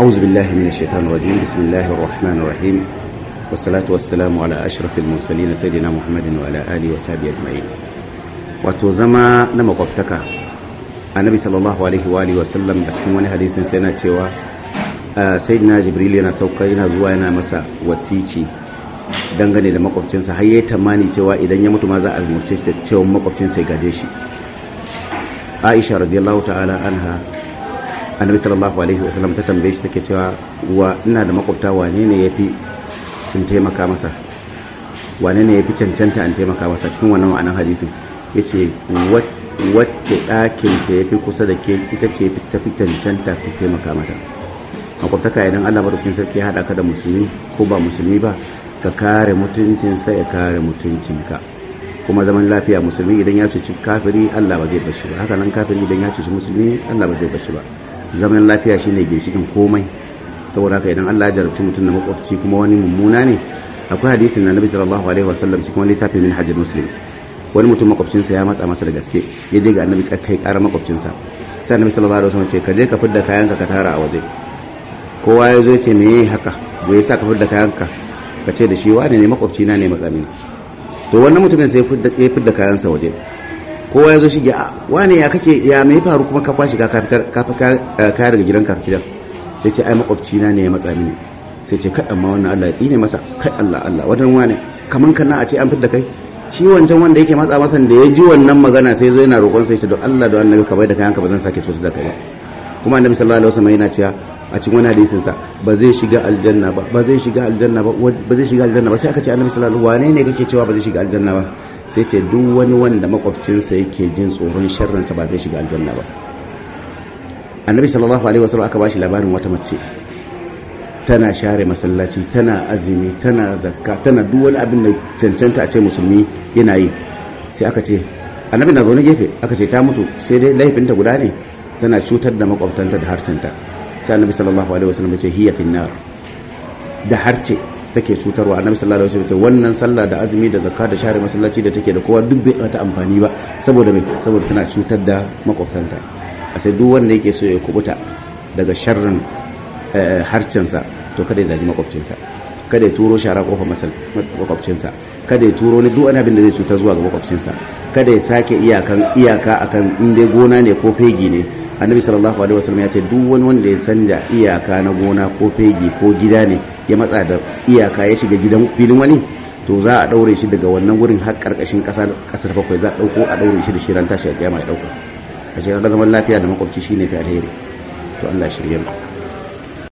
أعوذ بالله من الشيطان الرجيم بسم الله الرحمن الرحيم والصلاة والسلام على أشرف المرسلين سيدنا محمد وعلى آله وصحبه أجمعين وتوزما zama قبتك النبي صلى الله عليه وآله وسلم wasallam a cikin wani hadisin sai yana cewa sayyidina jibril yana sauka yana zuwa dangane da makwabcinsa har yayi tamani cewa idan ya mutu ma za a umurce shi cewa makwabcinsa ya gaje shi aisha radiyallahu ta'ala anha annabi sallallahu alaihi sallam ta tambaye shi take cewa wa ina da makwabta wane ne yafi in taimaka masa wane ne yafi cancanta an taimaka masa cikin wannan ma'anar hadisin yace wacce ɗakin ta yafi kusa da ke ita ce tafi cancanta ki taimaka mata makwabtaka idan Allah madaukakin sarki ya haɗa ka da musulmi ko ba musulmi ba ka kare mutuncinsa ya kare mutuncinka kuma zaman lafiya musulmi idan ya cuci kafiri Allah ba zai bashi ba haka nan kafiri idan ya cuci musulmi Allah ba zai bashi ba zaman lafiya shine ginshikin komai saboda haka idan Allah ya jarabci mutum na makwabci kuma wani mummuna ne akwai hadisin na Nabi sallallahu alaihi wasallam cikin wani littafin min hajjul muslim wani mutum makwabcinsa ya matsa masa da gaske ya je ga annabi kai ƙara makwabcinsa sai annabi sallallahu alaihi wasallam ce ka je ka fidda kayanka ka tara a waje kowa ya zo ya ce me yayi haka me yasa ka fidda kayanka ka ce da shi wani ne makwabcina ne matsami to wannan mutumin sai ya fidda kayan kayansa waje kowa ya zo shige a wani ya kake ya mai faru kuma ka kwashi ka fitar ka ka daga ka gidan sai ce ai makwabci na ne ya matsa mini sai ce kai amma wannan Allah ya tsine masa kai Allah Allah wadan wani kaman kana a ce an fitar da kai shi wancan wanda yake matsa masa da ya ji wannan magana sai zo yana roƙon sai ce don Allah da annabi ka bai da kayanka ba zan sake cutar da kai ba kuma annabi sallallahu alaihi wasallam yana cewa a cikin wani hadisin sa ba zai shiga aljanna ba ba zai shiga aljanna ba ba zai shiga aljanna ba sai aka ce annabi sallallahu alaihi wasallam wane ne kake cewa ba zai shiga aljanna ba sai ce duk wani wanda makwabcinsa yake jin tsoron sharrinsa ba zai shiga aljanna ba annabi sallallahu alaihi wasallam aka bashi labarin wata mace tana share masallaci tana azumi tana zakka tana duk wani abin da cancanta a ce musulmi yana yi sai aka ce annabi na zaune gefe aka ce ta mutu sai dai laifinta guda ne tana cutar da makwabtanta da harcinta sai annabi sallallahu alaihi wasallam ya ce hiya finnar da harce take cutarwa annabi sallallahu alaihi wasallam wannan sallah da azumi da zakka da share masallaci da take da kowa duk bai ta amfani ba saboda me saboda tana cutar da makwabtanta a sai duk wanda yake so ya kubuta daga sharrin eh, harcensa to kada ya zagi makwabcinsa kada ya turo shara kofar makwabcinsa kada ya turo ni duk wani abin da zai cuta zuwa ga makwabcinsa kada ya sake iyakan iyaka akan in dai gona ne ko fegi ne annabi sallallahu alaihi wasallam ya ce duk wani wanda ya sanja iyaka na gona ko fegi ko gida ne ya matsa da iyaka ya shiga gidan filin wani to za a daure shi daga wannan wurin har karkashin kasar kasar bakwai za a dauko a daure shi da shiran tashi a kiyama ya dauka a shekara zaman lafiya da makwabci shine fi alheri to Allah shirye mu